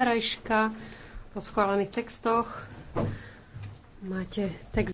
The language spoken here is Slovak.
Rajška po schválených textoch. Máte text